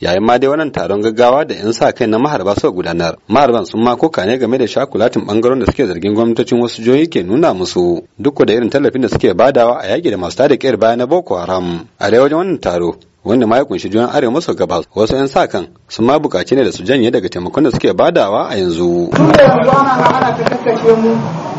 yayin ma dai wannan taron gaggawa da 'yan sa kai na maharba suka gudanar maharban sun ma koka ne game da shakulatin bangaren da suke zargin gwamnatocin wasu jihohi ke nuna musu duk da irin tallafin da suke badawa a yaki da masu tada kiyar baya na boko haram a dai wajen wannan taro wanda ma ya kunshi juyan arewa maso gabas wasu 'yan sa kan sun ma bukaci ne da su janye daga taimakon da suke badawa a yanzu.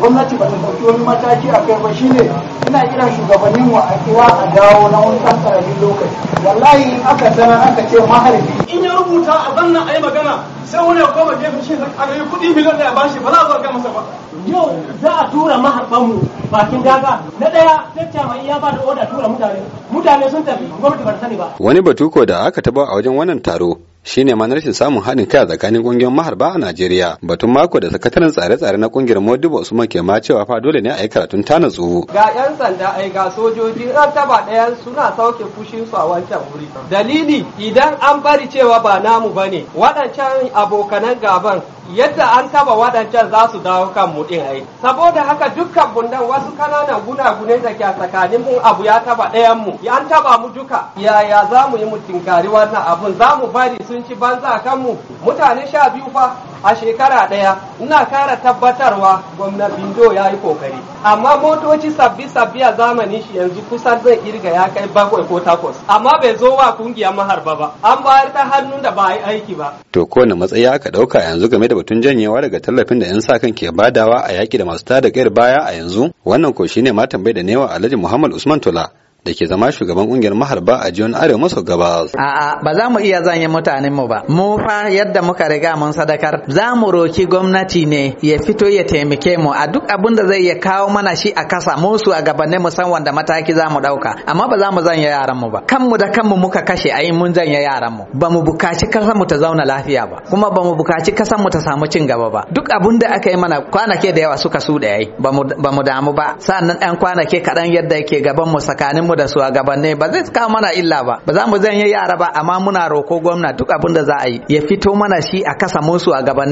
gwamnati ba ta ɗauki wani mataki a kai ba ne, ina kiran shugabannin wa a kiwa a dawo na wani ɗan ƙaramin lokaci wallahi in aka sana aka ce maharbi in ya rubuta a zanna a yi magana sai wani ya koma gefe shi a yi kuɗi miliyan da ya bashi ba za a zarga masa ba yau za a tura maharbanmu bakin daga na ɗaya tattara mai iya ba da oda tura mutane mutane sun tafi gwamnati ba ta sani ba wani batuko da aka taba a wajen wannan taro shine ma rashin samun haɗin kai a tsakanin ƙungiyoyin maharba a Najeriya batun mako da sakataren tsare-tsare na ƙungiyar Modibo Usman ke ma cewa fa dole ne a yi karatun tana tsuhu ga yan sanda ai ga sojoji ran taba ɗaya suna sauke fushin su a wancan wuri dalili idan an bari cewa ba namu bane waɗancan abokanan gaban yadda an taba waɗancan za su dawo kan mu ɗin ai saboda haka dukkan bundan wasu kananan gunagune da ke tsakanin mu abu ya taba ɗayan mu ya an taba mu duka yaya za mu yi mu tinkari wannan abun za mu bari sun ci banza kan mu mutane sha biyu fa a shekara ɗaya ina kara tabbatarwa gwamna bindo ya yi kokari amma motoci sabbi sabbi a zamani shi yanzu kusan zai kirga ya kai bakwai ko takwas amma bai zo wa kungiyar maharba ba an bayar ta hannun da ba a yi aiki ba. to kowane matsayi aka ɗauka yanzu game da batun janyewa daga tallafin da 'yan sa kan ke badawa a yaƙi da masu tada kayar baya a yanzu wannan ko shine ma tambayi da newa alhaji muhammad usman tola da ke zama shugaban kungiyar maharba a jiyon arewa maso gabas. A'a ba za mu iya zanye mutanen mu ba. Mu fa yadda muka riga mun sadakar za mu roki gwamnati ne ya fito ya taimake mu a duk abin da zai ya kawo mana shi a kasa mu su a gabanne mu san wanda mataki za mu dauka amma ba za mu zanye yaran mu ba. Kan mu da kan mu muka kashe ayi mun zanye yaran mu. Ba mu bukaci kasar mu ta zauna lafiya ba kuma ba mu bukaci kasan mu ta samu cin gaba ba. Duk abin da aka yi mana kwanake da yawa suka su da yayi ba mu damu ba. Sa'annan ɗan kwanake kaɗan yadda yake gaban mu tsakanin mu da ne ba zai kawo mana illa ba ba za mu zanye yara ba amma muna roko gwamna duk abin da za a yi ya fito mana shi a kasa mu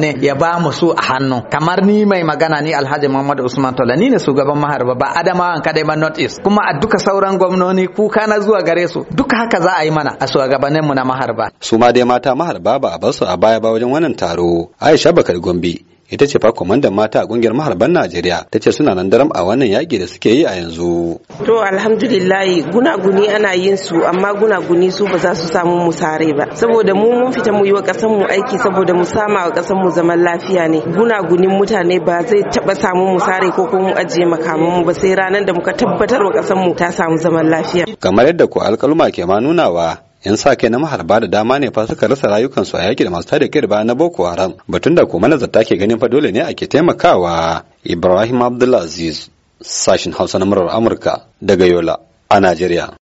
ne ya ba mu su a hannu kamar ni mai magana ni Alhaji Muhammad Usman Tola ni ne shugaban maharba ba Adamawa kadai ba North East kuma a duka sauran gwamnoni kuka na zuwa gare su duka haka za a yi mana a gabanin mu na maharba su ma dai mata maharba ba a basu a baya ba wajen wannan taro Aisha Bakar Gombe ita ce fa kwamandan mata a kungiyar maharban Najeriya ta ce suna nan daram a wannan yaƙi da suke yi a yanzu. To alhamdulillahi gunaguni ana yin su amma gunaguni su ba za su samu mu sare ba saboda mu mun fita mu yi wa ƙasar mu aiki saboda mu sama wa ƙasar mu zaman lafiya ne gunagunin mutane ba zai taɓa samu mu sare ko kuma mu ajiye makaman mu ba sai ranar da muka tabbatar wa ƙasar mu ta samu zaman lafiya. Kamar yadda ko alƙaluma ke ma nunawa yan sa kai na maharba da dama ne fa suka rasa rayukansu a yaki da masu tada kai na Boko Haram batun da kuma nazarta ke ganin fa dole ne ake taimakawa Ibrahim Abdulaziz sashin Hausa na murar Amurka daga Yola a Najeriya